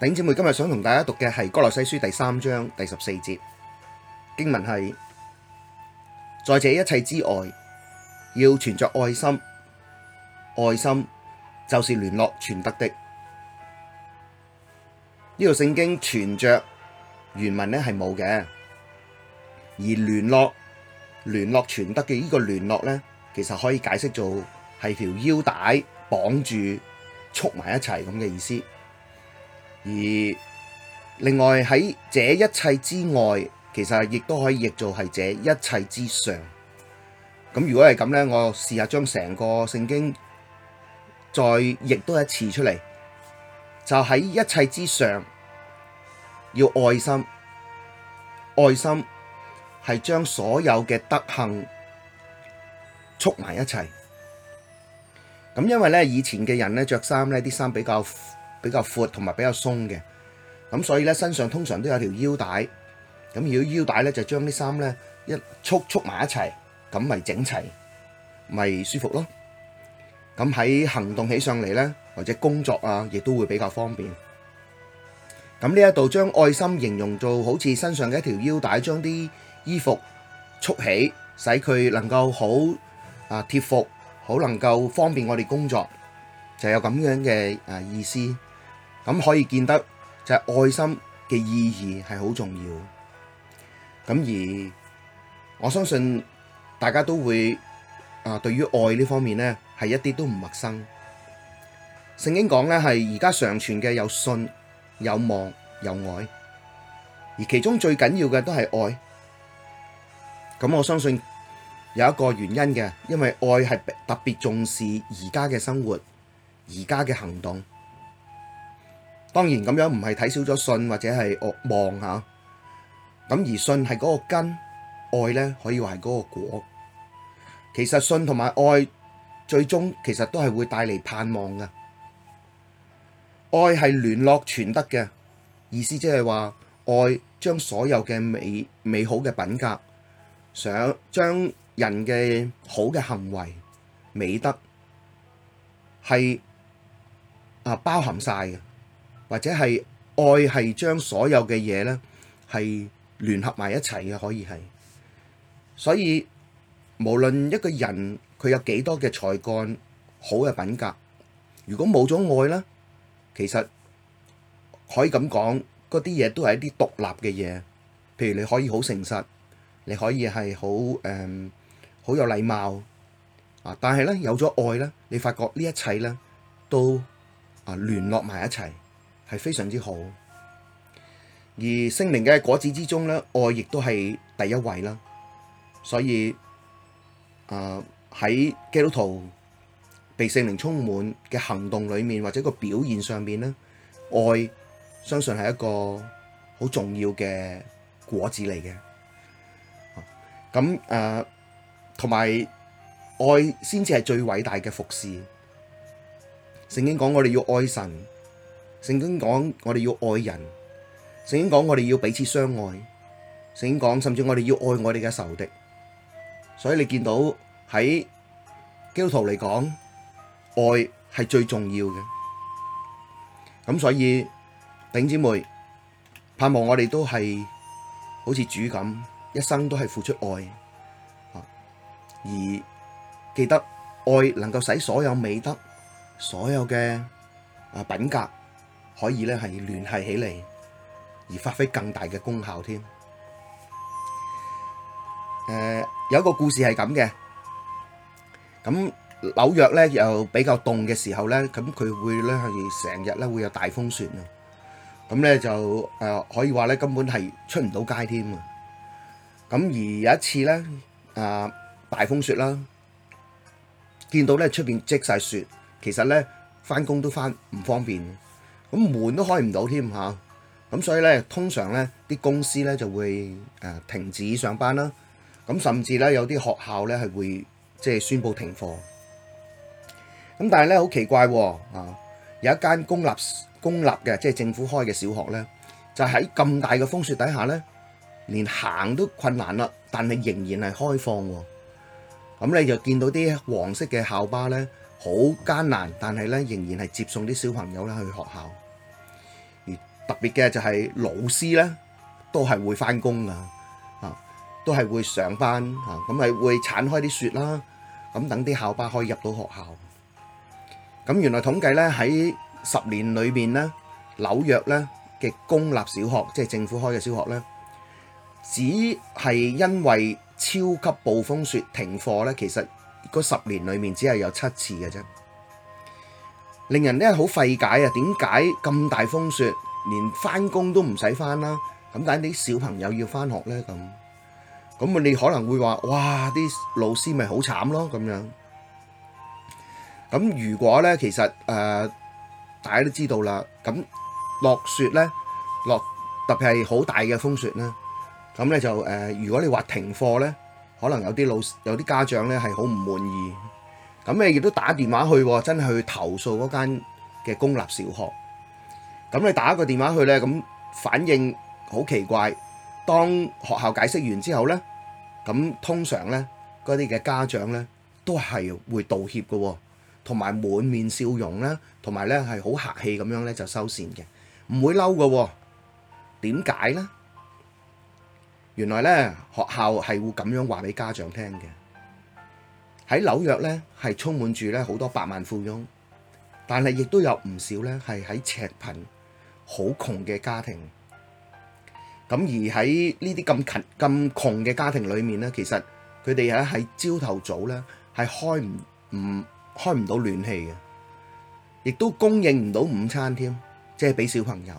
弟兄姐妹，今日想同大家讀嘅係《哥羅西書》第三章第十四節，經文係：在這一切之外，要存着愛心，愛心就是聯絡全德的。呢個聖經存着原文咧，係冇嘅，而聯絡、聯絡全德嘅呢個聯絡咧，其實可以解釋做係條腰帶綁住束埋一齊咁嘅意思。而另外喺這一切之外，其實亦都可以譯做係這一切之上。咁如果係咁呢，我試下將成個聖經再譯多一次出嚟，就喺一切之上要愛心，愛心係將所有嘅德行束埋一齊。咁因為呢，以前嘅人呢，着衫呢，啲衫比較，比較闊同埋比較鬆嘅，咁所以咧，身上通常都有條腰帶，咁如果腰帶咧，就將啲衫咧一束束埋一齊，咁咪整齊，咪舒服咯。咁喺行動起上嚟咧，或者工作啊，亦都會比較方便。咁呢一度將愛心形容做好似身上嘅一條腰帶，將啲衣服束起，使佢能夠好啊貼服，好能夠方便我哋工作，就有咁樣嘅啊意思。咁可以見得就係愛心嘅意義係好重要的，咁而我相信大家都會啊，對於愛呢方面咧係一啲都唔陌生。聖經講咧係而家常存嘅有信有望有愛，而其中最緊要嘅都係愛。咁我相信有一個原因嘅，因為愛係特別重視而家嘅生活，而家嘅行動。當然咁樣唔係睇少咗信或者係望吓、啊，咁而信係嗰個根，愛呢可以話係嗰個果。其實信同埋愛最終其實都係會帶嚟盼望噶。愛係聯絡全德嘅意思就是說，即係話愛將所有嘅美美好嘅品格，想將人嘅好嘅行為美德係、啊、包含晒嘅。或者係愛係將所有嘅嘢咧係聯合埋一齊嘅，可以係。所以無論一個人佢有幾多嘅才幹、好嘅品格，如果冇咗愛咧，其實可以咁講，嗰啲嘢都係一啲獨立嘅嘢。譬如你可以好誠實，你可以係好誒好有禮貌啊，但係咧，有咗愛咧，你發覺呢一切咧都啊聯絡埋一齊。係非常之好，而聖靈嘅果子之中咧，愛亦都係第一位啦。所以，啊、呃、喺基督徒被聖靈充滿嘅行動裏面，或者個表現上面咧，愛相信係一個好重要嘅果子嚟嘅。咁、嗯、誒、同、呃、埋愛先至係最偉大嘅服侍。聖經講我哋要愛神。聖經講我哋要愛人，聖經講我哋要彼此相愛，聖經講甚至我哋要愛我哋嘅仇敵。所以你見到喺基督徒嚟講，愛係最重要嘅。咁所以頂姐妹盼望我哋都係好似主咁，一生都係付出愛啊，而記得愛能夠使所有美德、所有嘅啊品格。可以咧係聯繫起嚟，而發揮更大嘅功效添。誒有個故事係咁嘅，咁紐約咧又比較凍嘅時候咧，咁佢會咧係成日咧會有大風雪啊。咁咧就誒可以話咧根本係出唔到街添啊。咁而有一次咧啊大風雪啦，見到咧出面積晒雪，其實咧返工都返唔方便。咁門都開唔到添嚇。咁所以咧通常咧啲公司咧就會誒停止上班啦。咁甚至咧有啲學校咧係會即係宣布停課。咁但係咧好奇怪喎啊！有一間公立公立嘅即係政府開嘅小學咧，就喺咁大嘅風雪底下咧，連行都困難啦，但係仍然係開放。咁你就見到啲黃色嘅校巴咧，好艱難，但係咧仍然係接送啲小朋友啦去學校。特別嘅就係老師呢，都係會翻工噶，嚇都係會上班嚇，咁係會鏟開啲雪啦，咁等啲校巴可以入到學校。咁原來統計呢，喺十年裏面呢，紐約呢嘅公立小學，即係政府開嘅小學呢，只係因為超級暴風雪停課呢，其實嗰十年裏面只係有七次嘅啫，令人呢好費解啊！點解咁大風雪？連翻工都唔使翻啦，咁但係啲小朋友要翻學咧，咁咁啊，你可能會話：哇，啲老師咪好慘咯咁樣。咁如果咧，其實誒大家都知道啦，咁落雪咧，落特別係好大嘅風雪咧，咁咧就誒，如果你話停課咧，可能有啲老師、有啲家長咧係好唔滿意，咁你亦都打電話去，真係去投訴嗰間嘅公立小學。咁你打個電話去咧，咁反應好奇怪。當學校解釋完之後咧，咁通常咧，嗰啲嘅家長咧都係會道歉嘅，同埋滿面笑容啦，同埋咧係好客氣咁樣咧就收線嘅，唔會嬲嘅。點解咧？原來咧學校係會咁樣話俾家長聽嘅。喺紐約咧係充滿住咧好多百萬富翁，但係亦都有唔少咧係喺赤貧。好窮嘅家庭，咁而喺呢啲咁貧咁窮嘅家庭裏面呢，其實佢哋喺朝頭早呢，係開唔唔開唔到暖氣嘅，亦都供應唔到午餐添，即係俾小朋友。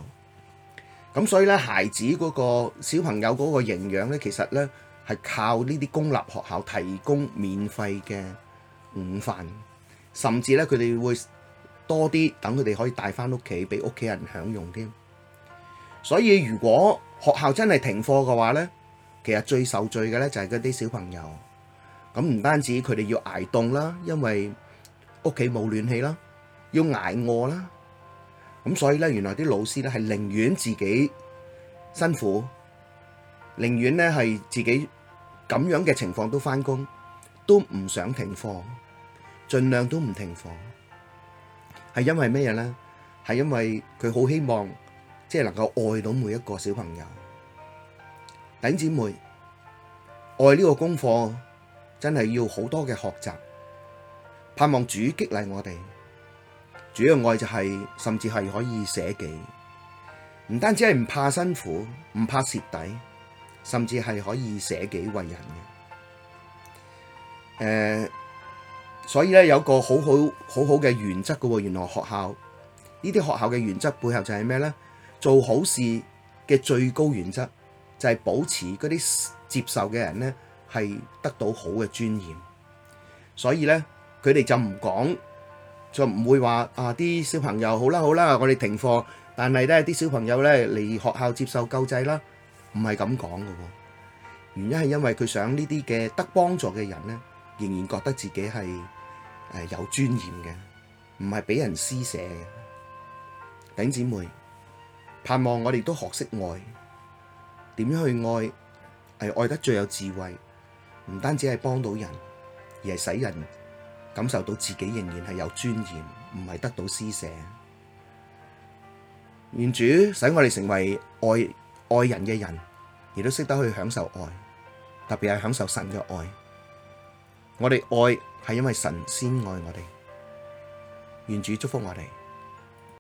咁所以呢，孩子嗰個小朋友嗰個營養呢，其實呢，係靠呢啲公立學校提供免費嘅午飯，甚至呢，佢哋會多啲等佢哋可以帶翻屋企俾屋企人享用添，所以如果學校真係停課嘅話呢，其實最受罪嘅呢，就係嗰啲小朋友，咁唔單止佢哋要挨凍啦，因為屋企冇暖氣啦，要挨餓啦，咁所以呢，原來啲老師呢，係寧願自己辛苦，寧願呢，係自己咁樣嘅情況都翻工，都唔想停課，盡量都唔停課。係因為咩嘢咧？係因為佢好希望，即係能夠愛到每一個小朋友。弟兄姊妹，愛呢個功課真係要好多嘅學習，盼望主激勵我哋。主要愛就係、是、甚至係可以捨己，唔單止係唔怕辛苦，唔怕蝕底，甚至係可以捨己為人嘅。誒、呃。所以咧有個好好好好嘅原則㗎喎，原來學校呢啲學校嘅原則背後就係咩呢？做好事嘅最高原則就係保持嗰啲接受嘅人呢係得到好嘅尊嚴。所以呢，佢哋就唔講，就唔會話啊啲小朋友好啦好啦，我哋停課，但係呢啲小朋友呢嚟學校接受救濟啦，唔係咁講㗎喎。原因係因為佢想呢啲嘅得幫助嘅人呢，仍然覺得自己係。係有尊嚴嘅，唔係俾人施捨嘅。頂姊妹，盼望我哋都學識愛，點樣去愛？係愛得最有智慧，唔單止係幫到人，而係使人感受到自己仍然係有尊嚴，唔係得到施捨。願主使我哋成為愛愛人嘅人，亦都識得去享受愛，特別係享受神嘅愛。我哋愛係因為神先愛我哋，願主祝福我哋。